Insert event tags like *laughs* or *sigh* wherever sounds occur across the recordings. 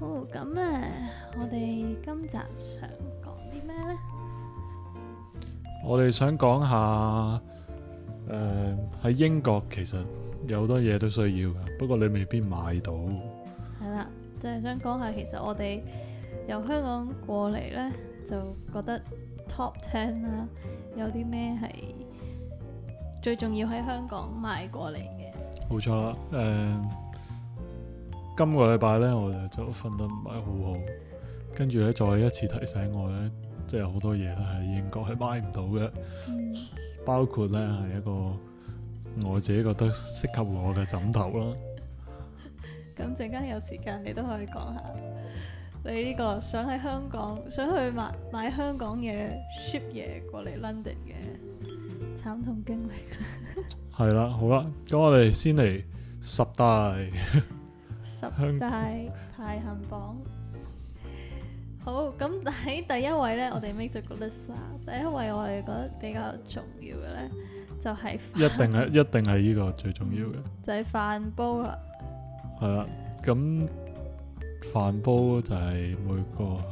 好咁咧，我哋今集想講啲咩呢？我哋想講下，誒喺英國其實有好多嘢都需要嘅，不過你未必買到。係啦，即係想講下，其實我哋由香港過嚟呢，就覺得 Top Ten 啦，有啲咩係最重要喺香港買過嚟嘅。冇錯啦，誒。今個禮拜咧，我就瞓得唔係好好，跟住咧，再一次提醒我咧，即係好多嘢，係英國係買唔到嘅，嗯、包括咧係一個我自己覺得適合我嘅枕頭啦。咁陣間有時間你都可以講下你呢個想喺香港想去買買香港嘅 ship 嘢過嚟 London 嘅慘痛經歷。係 *laughs* 啦，好啦，咁我哋先嚟十大。 *laughs* 就係排行榜。好咁喺第一位咧，我哋 make 咗個 list 第一位我哋覺得比較重要嘅咧，就係一定係一定係呢個最重要嘅，就係飯煲啦。係啦，咁飯煲就係每個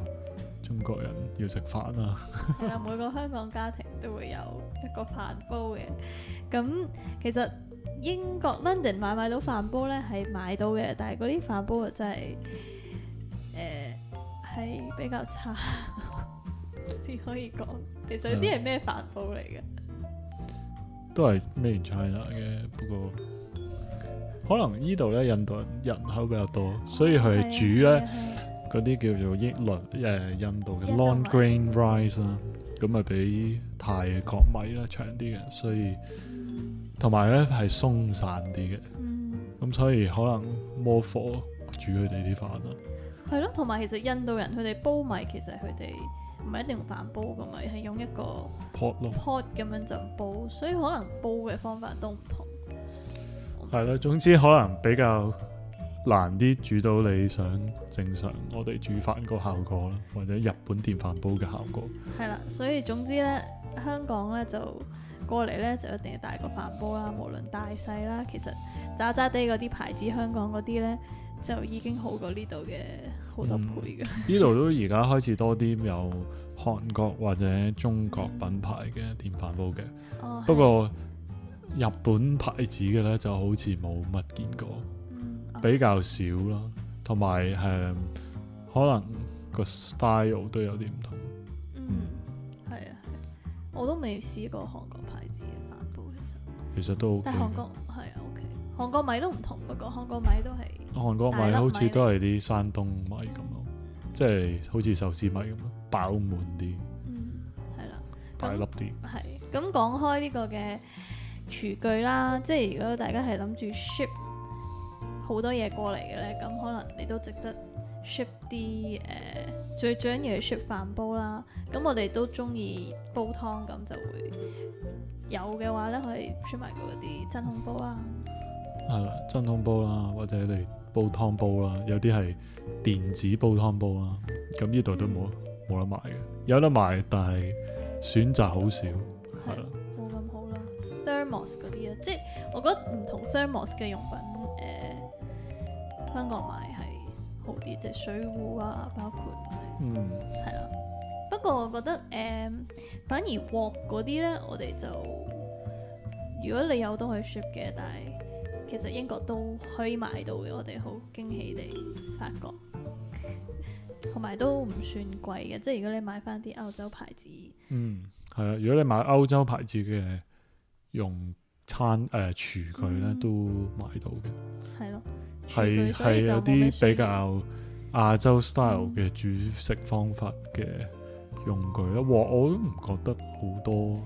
中國人要食飯啦。係 *laughs* 啦，每個香港家庭都會有一個飯煲嘅。咁其實。英國 London 買買到飯煲咧，係買到嘅，但係嗰啲飯煲啊真係，誒係比較差，只可以講。其實有啲係咩飯煲嚟嘅？都係 made in China 嘅，不過可能呢度咧，印度人口比較多，所以佢係煮咧嗰啲叫做英倫誒印度嘅 long grain rice 啦，咁啊比泰國米啦長啲嘅，所以。同埋咧，係鬆散啲嘅，咁、嗯嗯、所以可能摩火煮佢哋啲飯咯。係咯，同埋其實印度人佢哋煲米，其實佢哋唔係一定用飯煲噶嘛，係用一個 pot 了 pot 咁樣就煲，所以可能煲嘅方法都唔同。係咯，總之可能比較難啲煮到你想正常我哋煮飯個效果啦，或者日本電飯煲嘅效果。係啦，所以總之咧，香港咧就。過嚟咧就一定要帶個飯煲啦，無論大細啦，其實渣渣哋嗰啲牌子，香港嗰啲咧就已經好過呢度嘅好多倍嘅、嗯。呢度都而家開始多啲有韓國或者中國品牌嘅電飯煲嘅，嗯哦、不過日本牌子嘅咧就好似冇乜見過，嗯哦、比較少咯，同埋誒可能個 style 都有啲唔同。嗯，嗯。嗯我都未試過韓國牌子嘅飯煲，其實其實都、OK，但係韓國係啊 OK，韓國米都唔同，不過韓國米都係韓國米，好似都係啲山東米咁咯，即係、嗯、好似壽司米咁咯，飽滿啲，嗯，係啦、啊，大粒啲，係，咁講、啊、開呢個嘅廚具啦，即係如果大家係諗住 ship 好多嘢過嚟嘅咧，咁可能你都值得。Ship 啲誒，最最緊要 Ship 飯煲啦。咁我哋都中意煲湯咁就會。有嘅話咧，可以選埋嗰啲真空煲啦。係啦、啊，真空煲啦，或者你煲湯煲啦，有啲係電子煲湯煲啦。咁呢度都冇冇、嗯、得賣嘅，有得賣，但係選擇好少。係啦、嗯，冇咁是好啦。Thermos 嗰啲啊，即係我覺得唔同 Thermos 嘅用品誒、呃，香港買係好啲即係水壺啊，包括，嗯，係啦。不過我覺得，誒、呃，反而鑊嗰啲咧，我哋就如果你有都可以 ship 嘅，但係其實英國都可以買到嘅，我哋好驚喜地發覺，同 *laughs* 埋都唔算貴嘅。即係如果你買翻啲歐洲牌子，嗯，係啊。如果你買歐洲牌子嘅用餐誒、呃、廚具咧，嗯、都買到嘅，係咯。係係有啲比較亞洲 style 嘅煮食方法嘅用具咯，鑊我都唔覺得好多。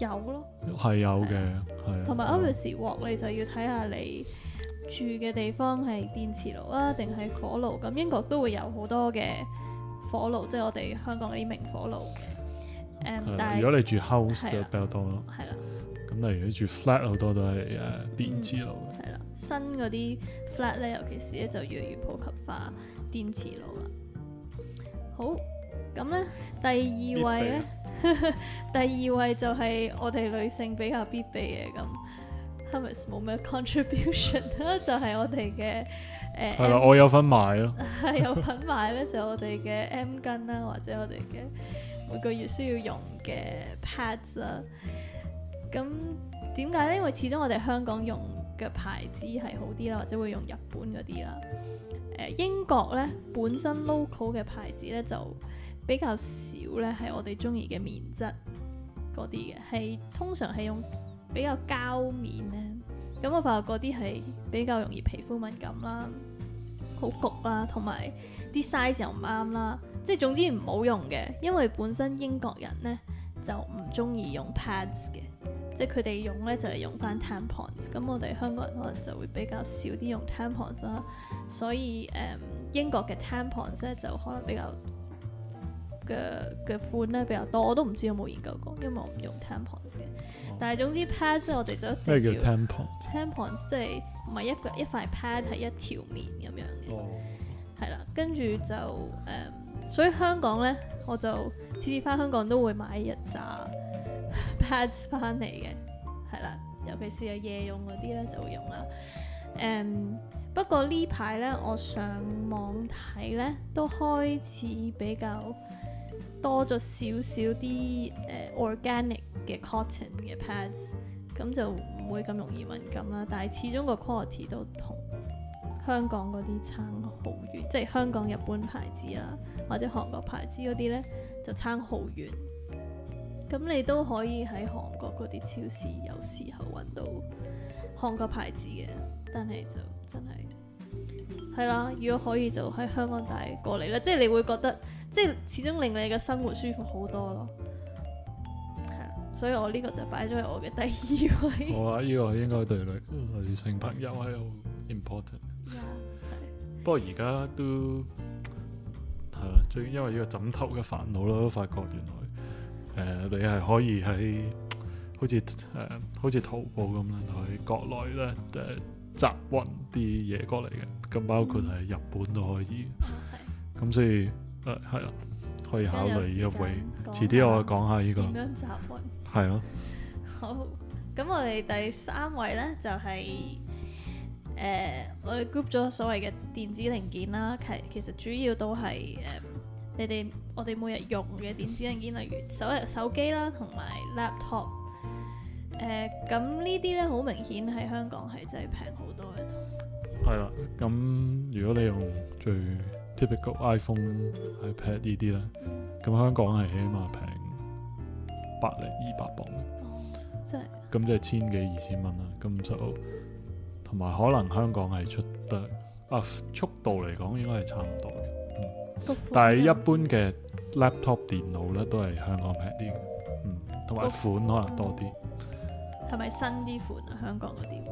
有咯，係有嘅，係的。同埋的有時鑊、啊、你就要睇下你住嘅地方係電磁爐啊，定係火爐咁。英國都會有好多嘅火爐，即係我哋香港嗰啲明火爐。誒、就是，但、嗯、係如果你住 house 的就比較多咯。係啦的。咁例如住 flat 好多都係誒電磁爐。嗯。新嗰啲 flat 咧，尤其是咧就越嚟越普及化電磁爐啦。好，咁咧第二位咧，第二位、啊、 *laughs* 第二位就係我哋女性比較必備嘅咁 Hermes 冇咩 contribution 啦，就係我哋嘅誒，係啦，我有份買咯。係 *laughs* *laughs* 有份買咧，就係、是、我哋嘅 M 巾啦，gun, 或者我哋嘅每個月需要用嘅 pads 啦、啊。咁點解咧？因為始終我哋香港用。嘅牌子係好啲啦，或者會用日本嗰啲啦。誒、呃、英國咧本身 local 嘅牌子咧就比較少咧，係我哋中意嘅棉質嗰啲嘅，係通常係用比較膠面咧。咁我發覺嗰啲係比較容易皮膚敏感啦，好焗啦，同埋啲 size 又唔啱啦。即係總之唔好用嘅，因為本身英國人咧就唔中意用 pads 嘅。即係佢哋用咧就係、是、用翻 tampons，咁我哋香港人可能就會比較少啲用 tampons 啦，所以誒、嗯、英國嘅 tampons 咧就可能比較嘅嘅款咧比較多，我都唔知有冇研究過，因為我唔用 tampons 嘅。但係總之 pad 即係我哋就一定要。咩叫 tampons？tampons 即係唔係一個一塊 pad 係一條麵咁樣嘅，係啦、哦，跟住就誒、嗯，所以香港咧我就次次翻香港都會買一紮。Pads 翻嚟嘅，係啦，尤其是有夜用嗰啲咧就會用啦。誒、um，不過呢排咧，我上網睇咧，都開始比較多咗少少啲誒、呃、organic 嘅 cotton 嘅 pads，咁就唔會咁容易敏感啦。但係始終個 quality 都同香港嗰啲差好遠，即係香港日本牌子啦，或者韓國牌子嗰啲咧，就差好遠。咁你都可以喺韓國嗰啲超市有時候揾到韓國牌子嘅，但係就真係係啦。如果可以就喺香港帶過嚟啦，即係你會覺得即係始終令你嘅生活舒服好多咯。係，所以我呢個就擺咗喺我嘅第二位。 *laughs* 我話呢個應該對女女性朋友係好 important。係，不過而家都係啊，最因為呢個枕頭嘅煩惱咯，都發覺原來。誒、呃，你係可以喺好似誒，好似、呃、淘寶咁啦，喺國內咧誒、呃、集運啲嘢過嚟嘅，咁包括係日本都可以。咁、啊、所以誒，係、呃、啦，可以考慮一位。一遲啲我講下呢、這個。點樣集運？係咯的。好，咁我哋第三位咧就係、是、誒、呃，我哋 group 咗所謂嘅電子零件啦，其其實主要都係誒。呃你哋我哋每日用嘅電子零件，例如手手機啦，同埋 laptop，誒、咁呢啲咧，好明顯喺香港係真係平好多嘅。係啦，咁如果你用最 top 級 iPhone、iPad 呢啲咧，咁香港係起碼平百零二百磅嘅，哦，即係，咁即係千幾二千蚊啦，咁就同埋可能香港係出得啊速度嚟講，應該係差唔多。但係一般嘅 laptop 電腦咧，都係香港平啲，嗯，同埋款可能多啲。係咪、嗯、新啲款啊？香港嗰啲？誒、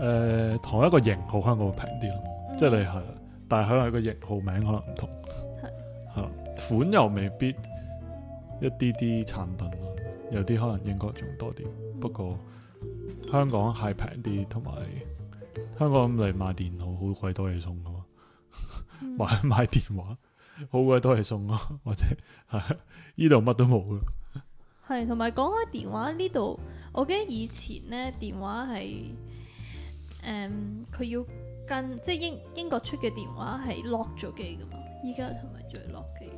呃，同一個型號香港會平啲咯，嗯、即係你係，但係可能個型號名可能唔同。係是。吓、嗯，款又未必，一啲啲產品有啲可能英國仲多啲，不過香港係平啲，同埋香港嚟買電腦好鬼多嘢送噶嘛，嗯、 *laughs* 買買電話。好鬼多係送咯，或者呢度乜都冇咯。係，同埋講開電話呢度，我記得以前咧，電話係，誒、嗯，佢要跟，即係英、英國出嘅電話係 lock 咗機噶嘛？依家同埋仲要 lock 機。誒、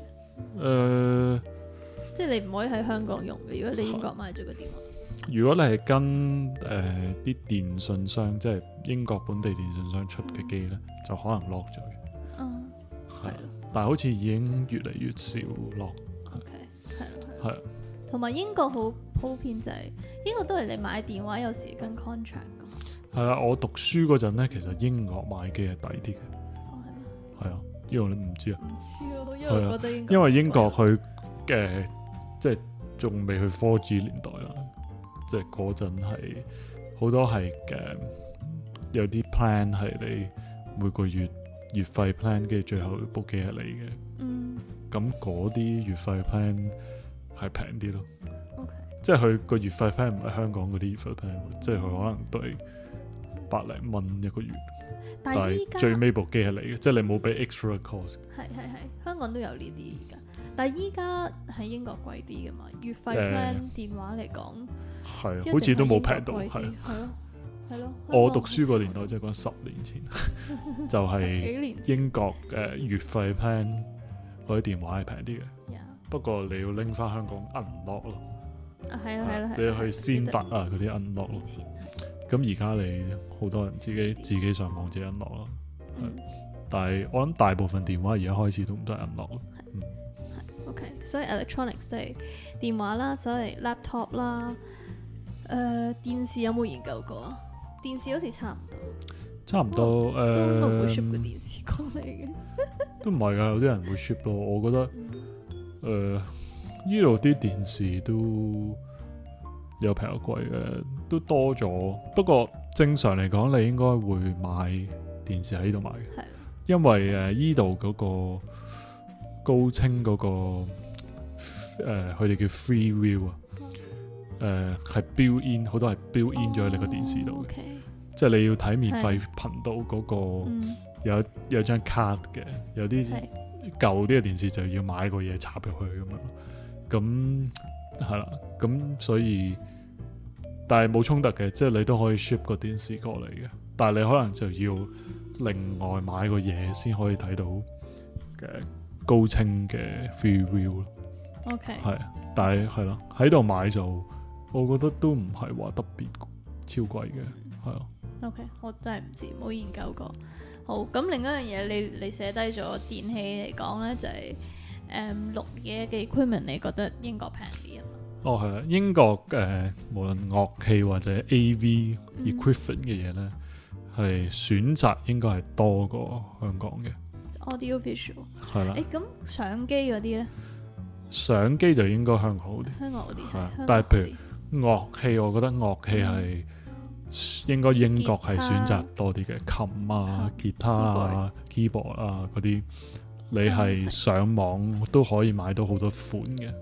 嗯，呃、即係你唔可以喺香港用嘅。如果你英國買咗個電話，呃、如果你係跟誒啲、呃、電信商，即係英國本地電信商出嘅機咧，嗯、就可能 lock 咗嘅。嗯，係。但係好似已經越嚟越少囉，係，係啊，同埋英國好普遍就係、是、英國都係你買電話有時跟 contract 嘅。係啊，我讀書嗰陣咧，其實英國買機係抵啲嘅，係啊、oh，因為你唔知啊，唔知啊，因為英國佢嘅即係仲未去 4G 年代啦，即係嗰陣係好多係嘅，有啲 plan 係你每個月。月費 plan 跟住最後一部機係你嘅，咁嗰啲月費 plan 係平啲咯。O Okay . K，即係佢個月費 plan 唔係香港嗰啲月費 plan，即係佢可能都係百零蚊一個月，但係最尾部機係你嘅，即係你冇俾 extra cost。係係係，香港都有呢啲而家，但係依家喺英國貴啲嘅嘛，月費 plan、欸、電話嚟講，係的好似都冇平到，係係咯。 *laughs* 係咯，我讀書個年代即係講十年前，就係英國嘅月費 plan 啲電話係平啲嘅。不過你要拎翻香港 unlock 咯，啊啊係啦，你要去先得啊嗰啲 unlock 咯。咁而家你好多人自己自己上網借 unlock 咯，但係我諗大部分電話而家開始都唔得 unlock 咯。嗯，OK，所以 electronics 即係電話啦，所謂 laptop 啦，誒電視有冇研究過啊？電視好似差唔多，差唔多誒、嗯嗯、都唔會 ship 個電視過嚟嘅， *laughs* 都唔係㗎，有啲人會 ship 咯。我覺得誒依度啲電視都有平有貴嘅，都多咗。不過正常嚟講，你應該會買電視喺呢度買嘅，的因為誒依度嗰個高清嗰、嗰個佢哋、呃、叫 free view 啊。誒係、呃、build in，好多係 build in 咗喺、oh, 你個電視度 okay. 即係你要睇免費是頻道嗰、那個、嗯、有有張卡嘅，有啲舊啲嘅電視就要買個嘢插入去咁樣。咁係啦，咁所以但係冇衝突嘅，即係你都可以 ship 個電視過嚟嘅，但係你可能就要另外買個嘢先可以睇到嘅高清嘅 free view 咯。View, OK，係，但係係咯，喺度買就。我覺得都唔係話特別超貴嘅，係啊。O、okay, K，我真係唔知冇研究過。好，咁，另一樣嘢，你你寫低咗電器嚟講咧，就係誒錄嘢嘅 equipment 你覺得英國平啲啊？哦，係啊，英國誒、呃，無論樂器或者 A V equipment 嘅嘢咧，係、嗯、選擇應該係多過香港嘅。Audio visual 係啦。誒咁、啊欸、相機嗰啲咧？相機就應該香港好啲、啊，香港好啲係，但係譬如。樂器我覺得樂器係應該英國係選擇多啲嘅，琴啊、吉他啊、keyboard 啊嗰啲，你係上網都可以買到好多款嘅。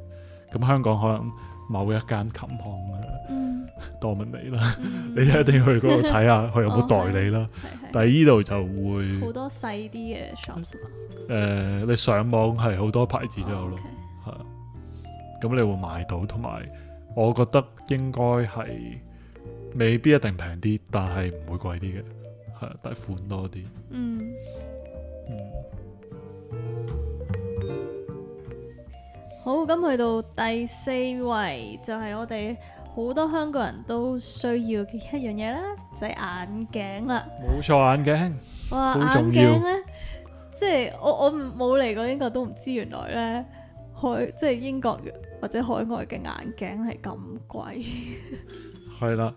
咁香港可能某一間琴行，多問你啦，你一定去嗰度睇下佢有冇代理啦。但係呢度就會好多細啲嘅 shop 誒，你上網係好多牌子都有咯，係咁你會買到同埋。我覺得應該係未必一定平啲，但係唔會貴啲嘅，係啲款多啲。嗯，好，咁去到第四位就係我哋好多香港人都需要嘅一樣嘢啦，就係眼鏡啦。冇錯，眼鏡。哇，眼鏡呢，即係我我唔冇嚟過英國都唔知原來呢，去即係英國嘅。或者海外嘅眼鏡係咁貴，係 *laughs* 啦。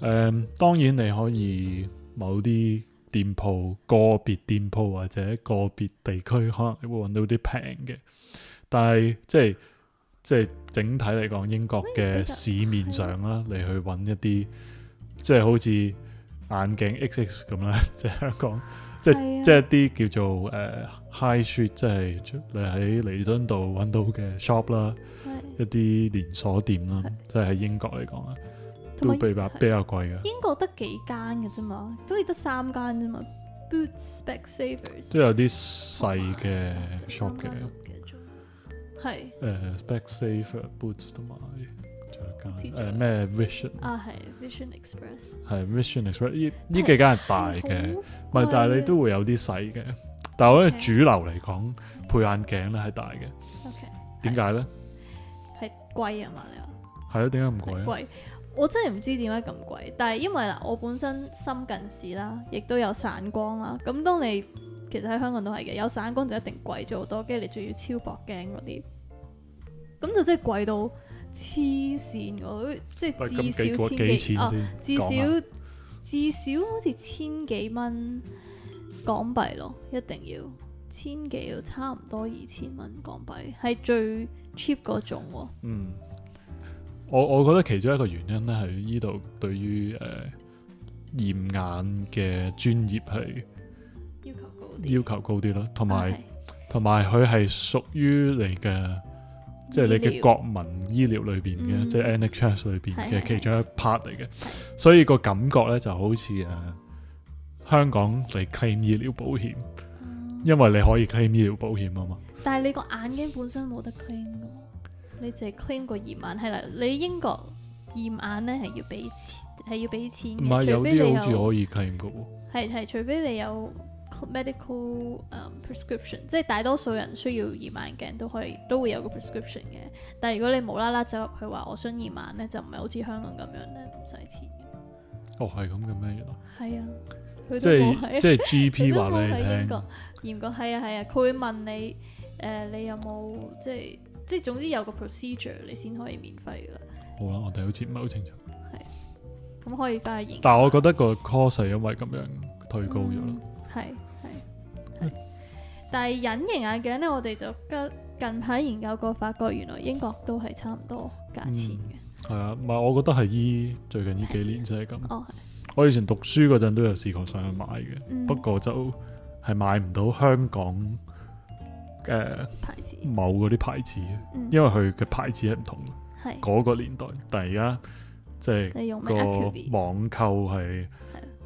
誒，um，當然你可以某啲店鋪、個別店鋪或者個別地區，可能你會揾到啲平嘅。但係即係即係整體嚟講，英國嘅市面上啦，你去揾一啲即係好似眼鏡 XX 咁啦，即係香港。 *laughs* 即即係啲叫做誒、呃、High Street，即係你喺彌敦道揾到嘅 shop 啦的，一啲連鎖店啦，的即係喺英國嚟講啊，都比較英比較貴嘅。英國得幾間嘅啫嘛，都係得三間啫嘛，Boots、Bo Specsavers、嗯、都有啲細嘅 shop 嘅，係誒 Specsavers Boots 同埋。誒咩、呃、Vision 啊係 Vision Express 係 Vision Express 呢，依幾間係大嘅，唔係，但係你都會有啲細嘅，但係我覺得主流嚟講 Okay. 配眼鏡咧係大嘅。OK 點解咧？係貴啊嘛？你話係咯。點解咁貴？貴，我真係唔知點解咁貴，但係因為啦、啊，我本身深近視啦，亦都有散光啦。咁當你其實喺香港都係嘅，有散光就一定貴咗好多，跟住你仲要超薄鏡嗰啲，咁就真係貴到。黐線喎，即係至少千幾、啊、至少至少好似千幾蚊港幣咯，一定要千幾，要差唔多二千蚊港幣，係最 cheap 嗰種喎。嗯，我我覺得其中一個原因咧係呢度對於誒、呃、驗眼嘅專業係要求高啲，要求高啲咯，同埋同埋佢係屬於你嘅。即係你嘅國民醫療裏邊嘅，嗯、即係 NHS 裏邊嘅其中一 part 嚟嘅，是是是，所以個感覺咧就好似誒、啊、香港嚟 claim 醫療保險，嗯、因為你可以 claim 醫療保險啊嘛。嗯、是是但係你個眼鏡本身冇得 claim 嘅，你淨係 claim 個驗眼係啦。你英國驗眼咧係要俾錢，係要俾錢。唔係有啲好似可以 claim 嘅喎，係係除非你有。有 medical、um, prescription，即係大多數人需要二萬鏡都可以都會有個 prescription 嘅。但係如果你無啦啦走入去話，我想二萬咧，就唔係好似香港咁樣咧，唔使錢嘅。哦，係咁嘅咩？原來係啊，即係是即係 GP 話你聽、這個，嚴格係啊係啊，佢會、啊、問你誒、呃，你有冇即係即係總之有個 procedure，你先可以免費㗎啦。好啊，我哋好似唔係好清楚。係、啊，咁可以加嚴。但係我覺得個 cost 係因為咁樣推高咗啦。係、嗯。嗯但係隱形眼鏡咧，我哋就近排研究過，發覺原來英國都係差唔多價錢嘅。係啊、嗯，唔係我覺得係依最近呢幾年就係咁。哦，我以前讀書嗰陣都有試過上去買嘅，嗯、不過就係買唔到香港嘅、嗯、牌子，某嗰啲牌子，因為佢嘅牌子係唔同。係嗰、嗯、的個年代，但而家即係個網購係、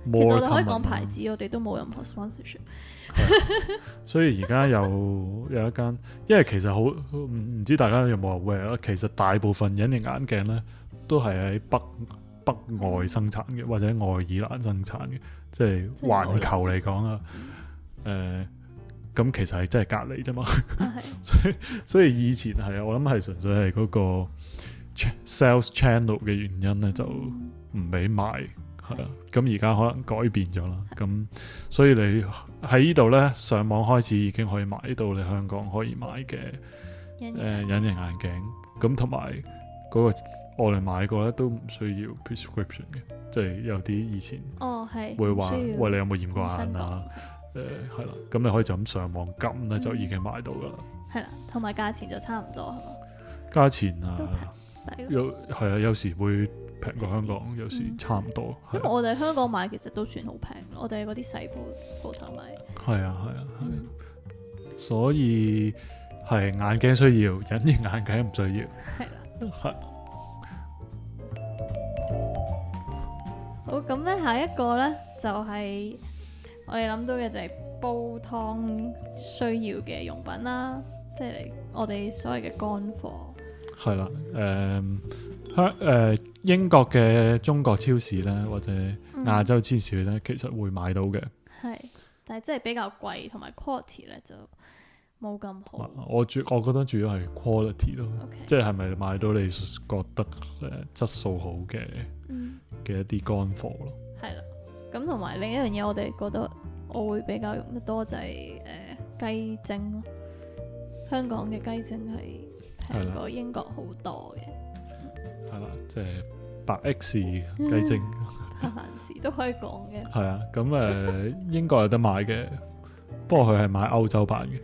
嗯，其實我哋可以講牌子，我哋都冇任何 sponsorship。嗯嗯嗯嗯 *laughs* 所以而家又有一間，因為其實好唔唔知大家有冇話 where 其實大部分隱形眼鏡呢，都係喺北北外生產嘅，或者愛爾蘭生產嘅，即係環球嚟講啊。誒，咁、嗯呃、其實係真係隔離啫嘛。所以所以以前係啊，我諗係純粹係嗰個 sales channel 嘅原因呢，就唔俾賣。嗯係啦，咁而家可能改變咗啦，咁的所以你喺呢度咧，上網開始已經可以買到你香港可以買嘅誒隱形眼鏡，咁同埋嗰個我嚟買過咧都唔需要 prescription 嘅，即、就、係、是、有啲以前哦係會話說需喂，你有冇驗過眼啊？誒係啦，咁、呃、你可以就咁上網揀咧，就已經買到噶啦，係啦、嗯，同埋價錢就差唔多，價錢啊有係啊，有時會。平過香港，有時差唔多。嗯、是因為我哋喺香港買，其實都算好平。我哋係嗰啲細鋪鋪頭買。係啊，係啊，係、啊。嗯、所以係眼鏡需要，隱形眼鏡唔需要。係啦、啊，係是。好，咁咧，下一個咧就係、是、我哋諗到嘅就係煲湯需要嘅用品啦，即、就、係、是、我哋所謂嘅乾貨。係啦、啊，誒香誒。啊呃英國嘅中國超市咧，或者亞洲超市咧，嗯、其實會買到嘅。係，但係即係比較貴，同埋 quality 咧就冇咁好。我主，我覺得主要係 quality 咯，Okay. 即係係咪買到你覺得誒質素好嘅嘅、嗯、一啲乾貨咯？係啦，咁同埋另一樣嘢，我哋覺得我會比較用得多就係、是、誒、呃、雞精咯。香港嘅雞精係平過英國好多嘅。係啦，即係、就是、白 X 雞精，嗯、百事都可以講嘅。係 *laughs* 啊，咁誒英國有得買嘅， *laughs* 不過佢係買歐洲版嘅。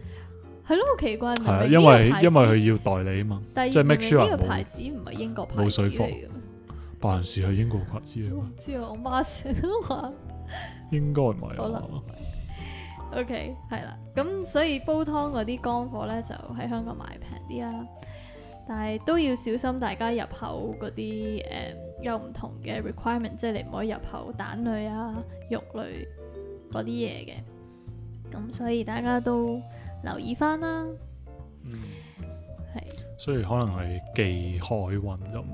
係咯，好奇怪。係啊，因為因為佢要代理啊嘛，即係 make sure 呢個牌子唔係英國牌子嚟嘅。冇水貨，百事係英國牌子嚟。唔 *laughs* 知我媽成日都話應該唔係啊嘛。O K，係啦，咁、okay，所以煲湯嗰啲乾貨咧，就喺香港買平啲啦。但係都要小心，大家入口嗰啲誒有唔同嘅 requirement，即係你唔可以入口蛋類啊、肉類嗰啲嘢嘅。咁所以大家都留意翻啦。係、嗯，是所以可能係寄海運就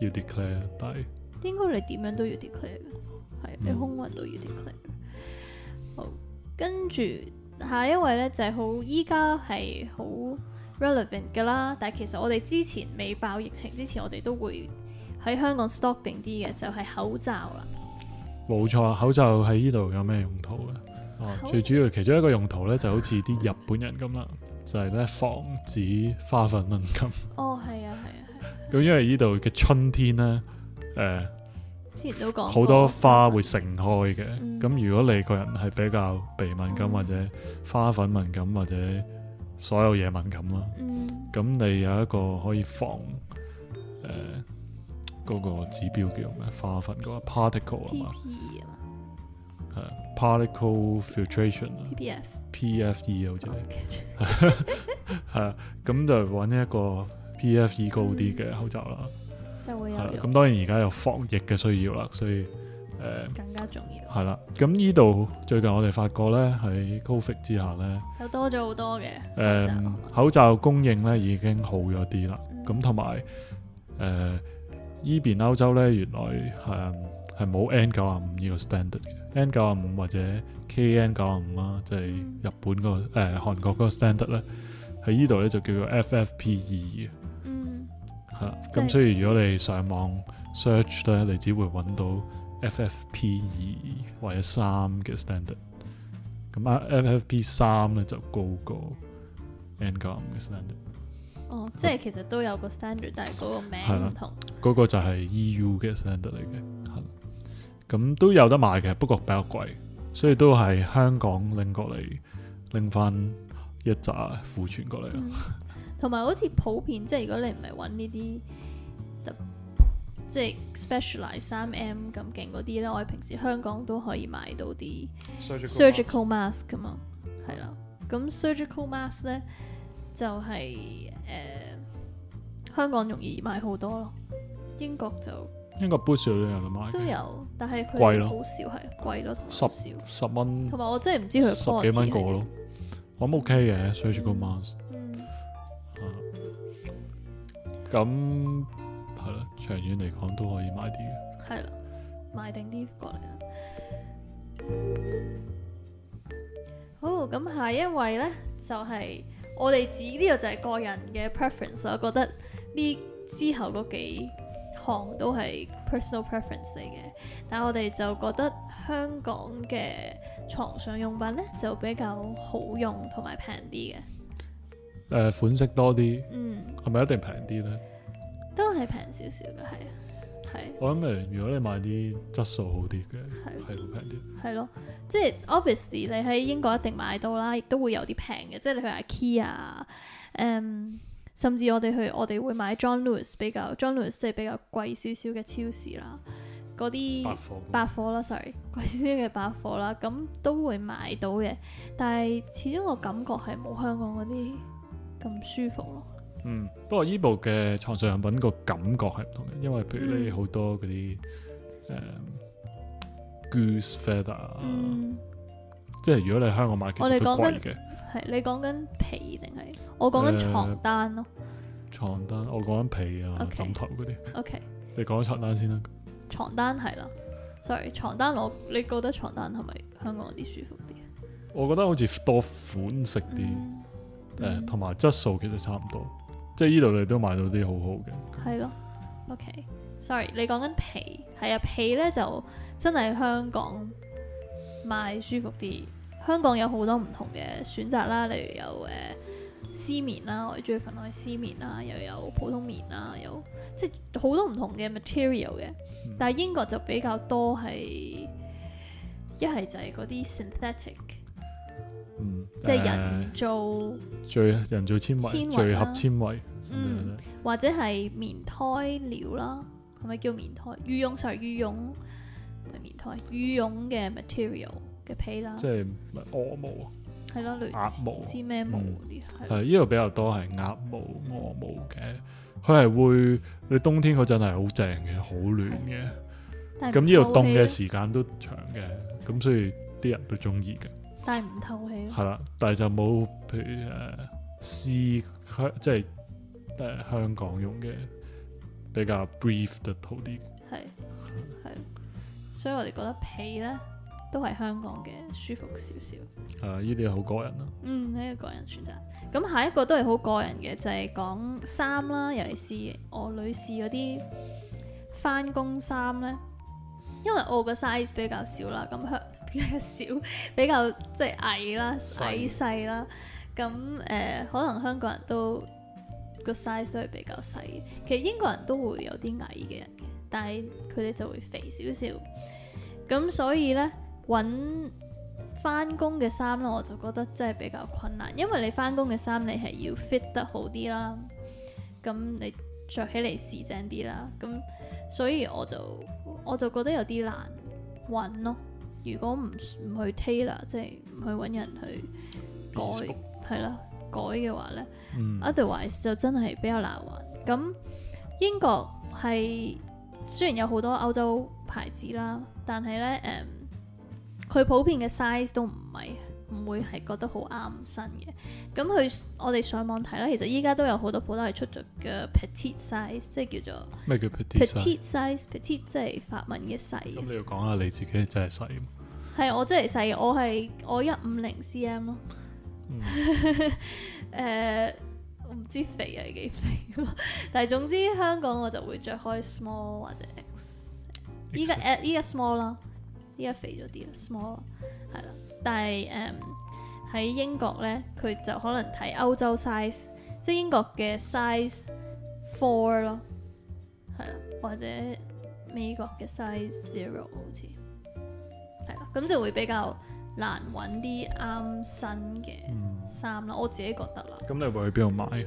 要 declare，但係應該你點樣都要 declare 嘅，係你、嗯、空運都要 declare。好，跟住下一位咧就係好依家係好。relevant 噶啦，但係其實我哋之前未爆疫情之前，我哋都會喺香港 stocking 啲嘅，就係、是、口罩啦。冇錯，口罩喺呢度有咩用途嘅？哦罩、啊，最主要其中一個用途咧，就好似啲日本人咁啦， *laughs* 就係咧防止花粉敏感。 *laughs* 哦，係啊，係啊，咁、啊啊、因為呢度嘅春天咧，誒、呃，之前都講好多花會盛開嘅，咁、嗯、如果你個人係比較鼻敏感或者花粉敏感或者。所有嘢敏感啦，咁、嗯、你有一個可以防誒嗰、呃那個指標叫咩？花粉嗰個 particle 啊嘛，係 Part P . particle filtration 啊 P. P.，P F E L 遮、oh,，係咁 can、 *laughs* 嗯、就揾一個 P F E 高啲嘅口罩啦，嗯、就會有，咁當然而家有防疫嘅需要啦，所以誒，呃、更加重要，係啦。咁呢度最近我哋發覺咧喺 COVID 之下咧，就多咗好多嘅。誒、嗯、口罩供應咧已經好咗啲啦。咁同埋誒依邊歐洲咧原來係係冇 N 九啊五呢個 standard N 九啊五或者 KN 九啊五啦，即、就、係、是、日本嗰個誒韓國嗰個 standard 咧，喺呢度咧就叫做 FFP 二嘅。嗯。嚇，咁所以如果你上網 search 咧，嗯、你只會揾到 FFP 二或者三嘅 standard，咁啊 FFP 三咧就高過 N95 嘅 standard。哦，即係其實都有個 standard，那但係嗰個名唔同。嗰、啊那個就係 EU 嘅 standard 嚟嘅，係咁都有得賣嘅，不過比較貴，所以都係香港拎過嚟，拎翻一扎庫存過嚟。同埋、嗯、好似普遍，即、就、係、是、如果你唔係揾呢啲。即係 specialize 三 M 咁勁嗰啲咧，我哋平時香港都可以買到啲 surgical mask 㗎嘛，係啦。咁 surgical mask 咧就係、是、誒、呃，香港容易買好多咯。英國就英國 Boots 都有得買，都有，但係佢貴咯，好了少係貴咯，十十蚊，同埋我真係唔知佢十幾蚊個咯，我諗 OK 嘅 surgical mask。嗯，咁、嗯。嗯長遠嚟講都可以買啲嘅，係啦，買定啲過嚟啦。好，咁下一位呢，就係、是、我哋指呢個就係個人嘅 preference，我覺得呢之後嗰幾項都係 personal preference 嚟嘅。但係我哋就覺得香港嘅床上用品呢，就比較好用同埋平啲嘅。誒、呃，款式多啲，嗯，係咪一定平啲呢？都係平少少嘅，係啊，係。我諗誒，如果你買啲質素好啲嘅，係係的會平啲。係咯，即係 obviously 你喺英國一定買到啦，亦都會有啲平嘅，即係你去 IKEA 誒、啊嗯，甚至我哋去我哋會買 John Lewis 比較，John Lewis 係比較貴少少嘅超市啦，嗰啲百貨啦，sorry，貴少少嘅百貨啦，咁都會買到嘅，但係始終個感覺係冇香港嗰啲咁舒服咯。嗯，不過依部嘅床上用品個感覺係唔同嘅，因為譬如你好多嗰啲誒 goose feather，嗯，嗯啊、即係如果你喺香港買，我哋講緊係你講緊被定係？我講緊床單咯、啊呃。床單，我講緊被啊，枕 Okay, 頭啲。O okay , K， *laughs* 你講床單先啦。床單係啦，sorry，床單我你覺得床單係咪香港啲舒服啲？我覺得好似多款式啲，誒、嗯，同埋質素其實差唔多。即係呢度你都買到啲好好嘅。係咯，OK，sorry，okay。你講緊皮，係啊，皮咧就真係香港買舒服啲。香港有好多唔同嘅選擇啦，例如有誒絲綿啦，我最中意分開絲綿啦，又有普通棉啦，有即係好多唔同嘅 material 嘅。嗯、但係英國就比較多係一係就係嗰啲 synthetic。即係人造最人造纖維，纖維啊、聚合纖維，嗯，或者係棉胎料啦，係咪叫棉胎？羽絨就係羽絨棉胎，羽絨嘅 material 嘅被啦，即係鵝、呃、毛啊，係咯，鵝毛，知咩毛啲係？係呢度比較多係鴨毛、鵝、呃、毛嘅，佢係會你冬天嗰陣係好正嘅，好暖嘅，咁呢度凍嘅時間都長嘅，咁所以啲人都中意嘅。但係唔透氣咯。係啦，但係就冇譬如誒絲香，即係誒、呃、香港用嘅比較 brief 得好啲。係，係所以我哋覺得被咧都係香港嘅舒服少少。誒、啊，依啲好個人咯。嗯，呢個個人選擇。咁下一個都係好個人嘅，就係、是、講衫啦，尤其是我女士嗰啲返工衫咧，因為我個 size 比較少啦，咁香。 *laughs* 比較少，比較即係矮啦，矮細啦。咁誒、呃，可能香港人都個 size 都係比較細。其實英國人都會有啲矮嘅人嘅，但係佢哋就會肥少少。咁所以呢，揾翻工嘅衫囉，我就覺得真係比較困難，因為你翻工嘅衫你係要 fit 得好啲啦，咁你着起嚟時正啲啦。咁所以我就我就覺得有啲難揾咯。如果唔唔去 tailor 即係唔去揾人去改，係啦 Facebook. 改嘅話呢 otherwise、mm. 就真係比較難玩。咁英國係雖然有好多歐洲牌子啦，但係呢，誒、嗯，佢普遍嘅 size 都唔係。唔會係覺得好啱身嘅，咁佢我哋上網睇啦，其實依家都有好多鋪都係出咗嘅 petite size，即係叫做咩 pet 叫 petite size？petite 即係法文嘅細嘅。咁你要講下你自己係真係細嘅？係我真係細，我係我一五零 cm 咯。我唔、 *laughs* 嗯 *laughs* 呃、知肥係、啊、幾肥、啊， *laughs* 但係總之香港我就會着開 small 或者 X，X。依家依家 small 啦，依家肥咗啲啦，small 係啦。但係誒喺英國咧，佢就可能睇歐洲 size，即係英國嘅 size four 咯，係啦，或者美國嘅 size zero 好似係啦，咁就會比較難揾啲啱身嘅衫啦。我自己覺得啦。咁你會去邊度買啊？嗯、買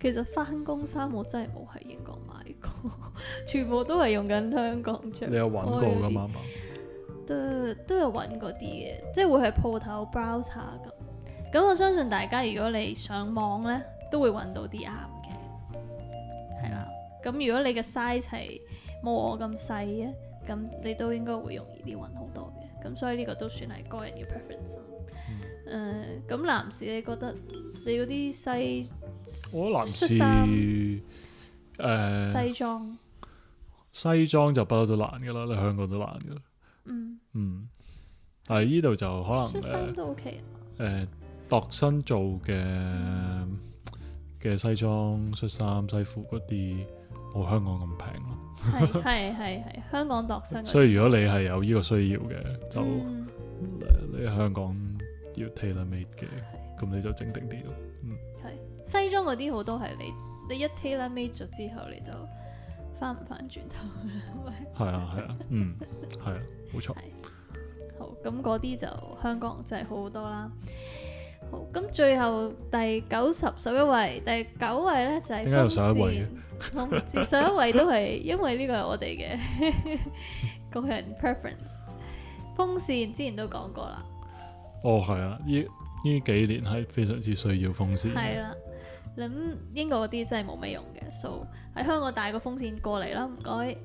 其實返工衫我真係冇喺英國買過，全部都係用緊香港出嚟。你有揾過㗎嘛？都都有揾過啲嘅，即係會去鋪頭 browser 咁。咁我相信大家，如果你上網咧，都會揾到啲啱嘅。係啦，咁如果你嘅 size 係冇我咁細嘅，咁你都應該會容易啲揾好多嘅。咁所以呢個都算係個人嘅 preference。誒、嗯，咁、呃、男士你覺得你嗰啲西，我男士誒服、呃、西裝，西裝就不嬲都難嘅啦，你香港都難嘅。嗯，嗯，但係呢度就可能，恤衫都 OK，誒，度身做嘅嘅、嗯、西裝、恤衫、西褲嗰啲冇香港咁平咯，係係係，香港度身。所以如果你係有呢個需要嘅，嗯、就喺、呃、香港要 tailor made 嘅，咁、嗯、你就整定啲咯。嗯，係西裝嗰啲好多係你你一 tailor made 咗之後你就。翻唔翻轉頭？係 *laughs* 啊係啊，嗯，係啊，冇錯、啊。好，咁嗰啲就香港就係好好多啦。好，咁最後第九十十一位，第九位咧就係風扇。我唔知，十一、 *laughs* 嗯、位都係因為呢個係我哋嘅 *laughs* 個人 preference。風扇之前都講過啦。哦，係啊，呢呢幾年係非常之需要風扇。係啦、啊。諗英國嗰啲真係冇咩用嘅，so 喺、哎、香港帶個風扇過嚟啦，唔該誒，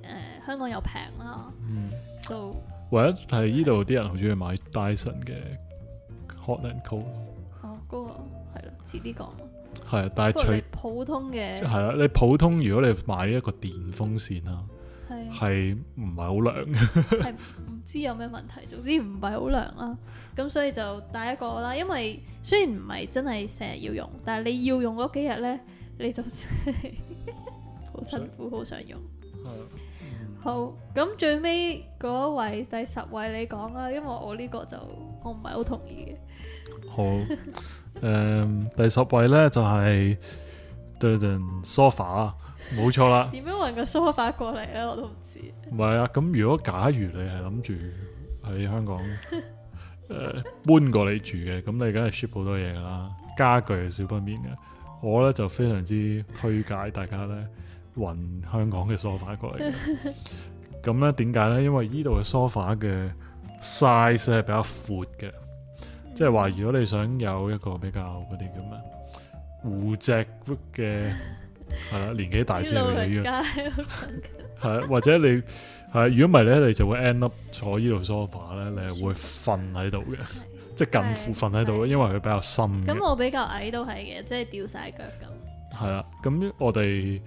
香港又平啦、嗯、，so 或者係依度啲人好中意買 Dyson 嘅 hot and cold。哦，嗰、那個係咯，遲啲講。係啊，但係除普通嘅係啦，你普通如果你買一個電風扇啦。係唔係好涼嘅？係唔知有咩問題，總之唔係好涼啦。咁所以就第一個啦，因為雖然唔係真係成日要用，但係你要用嗰幾日咧，你就真係好 *laughs* 辛苦，好想用。係的。好，咁最尾嗰位第十位你講啦，因為我呢個就我唔係好同意嘅。好，誒、呃，第十位咧就係對陣 sofa。冇錯啦，點樣運個 sofa 過嚟咧？我都唔知。唔係 *laughs* 啊，咁如果假如你係諗住喺香港，誒、 *laughs* 呃、搬過嚟住嘅，咁你梗係 ship 好多嘢啦，家具係少不免嘅。我咧就非常之推介大家咧運香港嘅 sofa 過嚟。咁咧點解咧？因為依度嘅 sofa 嘅 size 係比較闊嘅，即係話如果你想有一個比較嗰啲咁啊護脊骨嘅。 *laughs* 係啦，年紀大先去依個係， *laughs* 或者你係如果唔係咧，你就會 end up 坐依度 sofa 咧，你係會瞓喺度嘅，的即係近乎瞓喺度，的因為佢比較深。咁我比較矮都係嘅，即係掉晒腳咁。係啦，咁我哋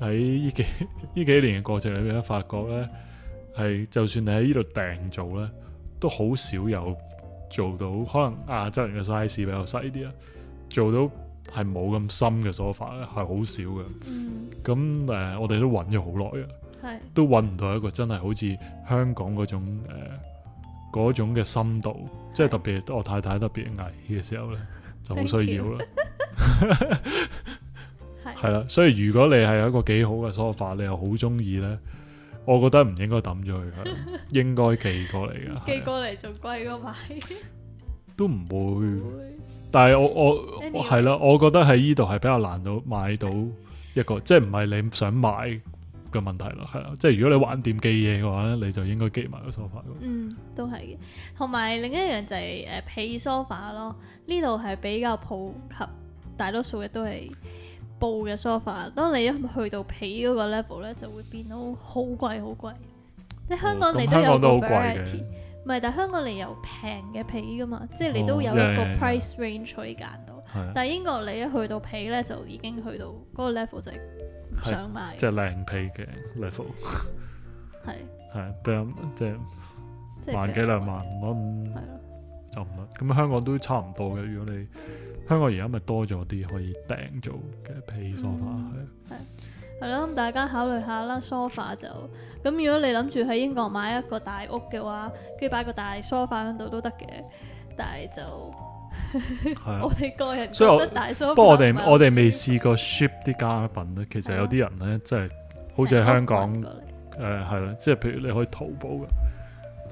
喺呢幾依幾年嘅過程裏邊咧，發覺咧係，就算你喺依度訂做咧，都好少有做到，可能亞洲人嘅 size 比較細啲啦，做到。係冇咁深嘅梳化咧，係好少嘅。咁誒、嗯呃，我哋都揾咗好耐啊，是的 都揾唔到一個真係好似香港嗰種誒、呃、種嘅深度，是的 即係特別我太太特別危嘅時候呢，就好需要啦。係啦，所以如果你係一個幾好嘅梳化，你又好中意呢，我覺得唔應該抌咗佢， *laughs* 應該寄過嚟嘅。寄過嚟仲貴過買，都唔會。 *laughs* 但係我我係咯 you，我覺得喺依度係比較難到買到一個，Yeah. 即係唔係你想買嘅問題咯，係咯。即係如果你玩店寄嘢嘅話咧，你就應該寄埋個 sofa 咯。嗯，都係嘅。同埋另一樣就係誒皮 sofa 咯，呢度係比較普及，大多數嘅都係布嘅 sofa。當你一去到皮嗰個 level 咧，就會變到好貴好貴。喺、哦、香港你都有唔、哦、貴嘅。唔係，但係香港你有平嘅皮㗎嘛，即係你都有一個 price range 可以揀到。哦，但係英國你一去到皮咧，就已經去到嗰個 level 就係唔想買。即係靚皮嘅 level，係係比較即係萬幾兩萬蚊，係咯的，就唔得。咁香港都差唔多嘅，如果你。香港而家咪多咗啲可以訂做嘅皮梳化係係，係咯、嗯，咁是大家考慮下啦。梳化就咁，如果你諗住喺英國買一個大屋嘅話，跟住擺個大梳化喺度都得嘅。但係就的 *laughs* 我哋個人覺得大梳化，不過我哋我哋未試過 ship 啲家品咧。其實有啲人咧，真係好似喺香港誒，係咯，即係、呃、譬如你可以淘寶嘅，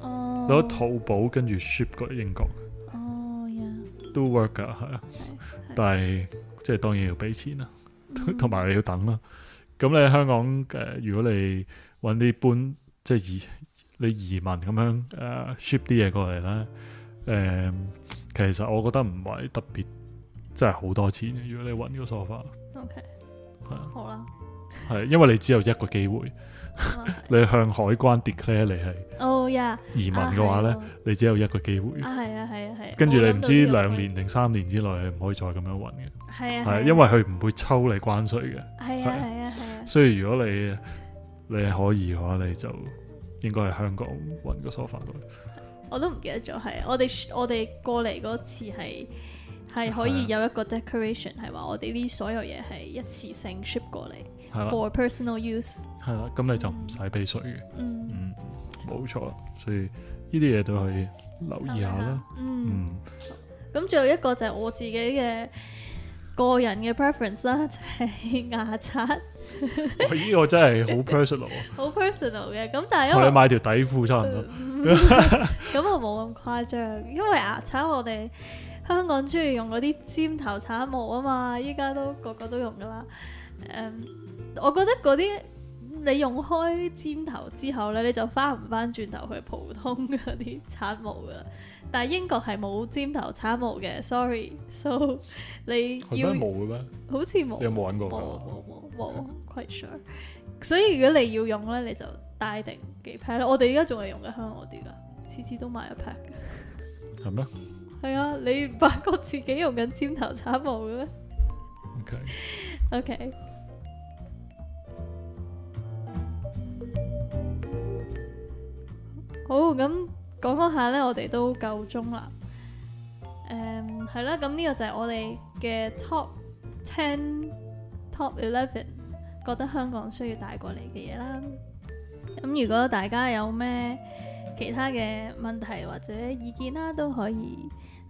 攞、嗯、淘寶跟住 ship 過英國，都 work 噶，係，但係即係當然要俾錢啦，同埋、mm hmm. 你要等啦。咁你喺香港，誒、呃，如果你揾啲搬，即係移，你移民咁樣誒，ship 啲嘢過嚟咧，誒、呃，其實我覺得唔係特別，真係好多錢嘅。如果你揾個 sofa，OK，係啊，好啦，係，因為你只有一個機會。 *laughs* 你向海關 declare 你係，哦呀，移民嘅話呢，oh yeah, ah, 你只有一個機會，啊係啊係啊，跟住你唔知兩、ah, 年定三年之內你唔可以再咁樣運嘅，係啊係，因為佢唔會抽你關稅嘅，係啊係啊係啊，所以如果你你可以嘅話，你就應該喺香港運個 sofa。我都唔記得咗係，我哋我哋過嚟嗰次係。係可以有一個 declaration，係話我哋呢所有嘢係一次性 ship 過嚟的 for personal use。係啦，咁你就唔使畀稅嘅。嗯嗯，冇、嗯、錯，所以呢啲嘢都係留意下啦、嗯。嗯，咁最後一個就係我自己嘅個人嘅 preference 啦，就係、是、牙刷。呢 *laughs* 我個真係好 personal。好 *laughs* personal 嘅，咁但係因為你買條底褲差唔多，咁 *laughs* *laughs* 我冇咁誇張，因為牙刷我哋。香港中意用嗰啲尖頭刷毛啊嘛，依家都個個都用噶啦。誒，um，我覺得嗰啲你用開尖頭之後咧，你就翻唔翻轉頭去普通嗰啲刷毛噶啦。但係英國係冇尖頭刷毛嘅，sorry。So 你，佢都冇嘅咩？好似冇。你有冇揾過㗎？冇冇冇，Okay。quite sure。所以如果你要用咧，你就帶定幾 pack 咯。我哋依家仲係用嘅香港啲噶，次次都買一 pack。係咩？係啊，你唔發覺自己用緊尖頭刷毛嘅咩？OK，OK。好，咁講講下咧，我哋都夠鐘啦。誒，係啦，咁呢個就係我哋嘅 Top Ten，Top Eleven，覺得香港需要帶過嚟嘅嘢啦。咁如果大家有咩其他嘅問題或者意見啦，都可以。